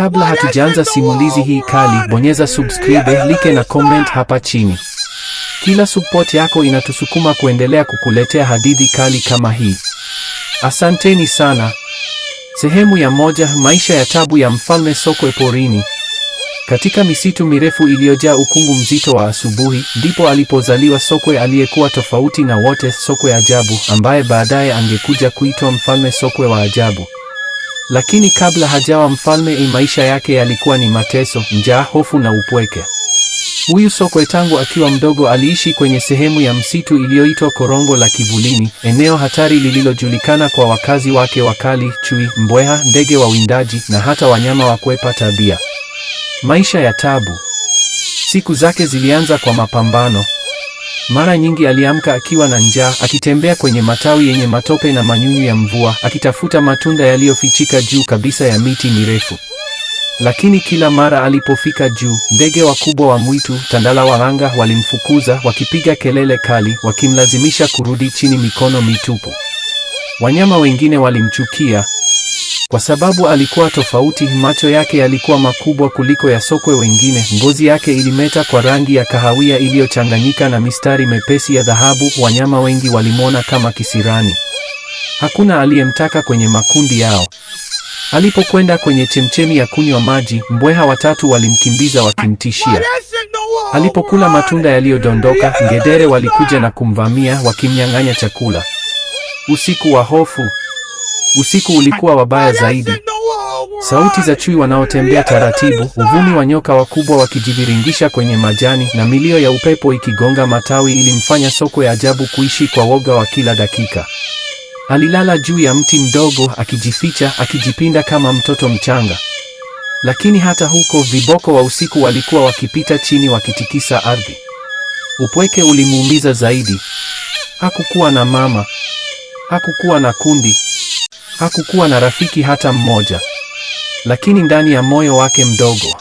Kabla hatujaanza simulizi hii kali, bonyeza subscribe, like na comment hapa chini. Kila support yako inatusukuma kuendelea kukuletea hadithi kali kama hii. Asanteni sana. Sehemu ya moja: maisha ya tabu ya mfalme Sokwe porini. Katika misitu mirefu iliyojaa ukungu mzito wa asubuhi, ndipo alipozaliwa Sokwe aliyekuwa tofauti na wote, Sokwe ajabu, ambaye baadaye angekuja kuitwa mfalme Sokwe wa ajabu. Lakini kabla hajawa mfalme, i maisha yake yalikuwa ni mateso, njaa, hofu na upweke. Huyu sokwe tangu akiwa mdogo aliishi kwenye sehemu ya msitu iliyoitwa Korongo la Kivulini, eneo hatari lililojulikana kwa wakazi wake wakali, chui, mbweha, ndege wa windaji na hata wanyama wa kwepa tabia. Maisha ya tabu. Siku zake zilianza kwa mapambano. Mara nyingi aliamka akiwa na njaa, akitembea kwenye matawi yenye matope na manyunyu ya mvua, akitafuta matunda yaliyofichika juu kabisa ya miti mirefu. Lakini kila mara alipofika juu, ndege wakubwa wa mwitu, tandala wa anga, walimfukuza wakipiga kelele kali, wakimlazimisha kurudi chini mikono mitupu. Wanyama wengine walimchukia kwa sababu alikuwa tofauti, macho yake yalikuwa makubwa kuliko ya sokwe wengine, ngozi yake ilimeta kwa rangi ya kahawia iliyochanganyika na mistari mepesi ya dhahabu. Wanyama wengi walimwona kama kisirani. Hakuna aliyemtaka kwenye makundi yao. Alipokwenda kwenye chemchemi ya kunywa maji, mbweha watatu walimkimbiza wakimtishia. Alipokula matunda yaliyodondoka, ngedere walikuja na kumvamia wakimnyang'anya chakula. Usiku wa hofu. Usiku ulikuwa wabaya zaidi. Sauti za chui wanaotembea taratibu, uvumi wa nyoka wakubwa wakijiviringisha kwenye majani, na milio ya upepo ikigonga matawi ilimfanya soko ya ajabu kuishi kwa woga wa kila dakika. Alilala juu ya mti mdogo akijificha, akijipinda kama mtoto mchanga. Lakini hata huko, viboko wa usiku walikuwa wakipita chini, wakitikisa ardhi. Upweke ulimuumiza zaidi. Hakukuwa na mama, hakukuwa na kundi. Hakukuwa na rafiki hata mmoja, lakini ndani ya moyo wake mdogo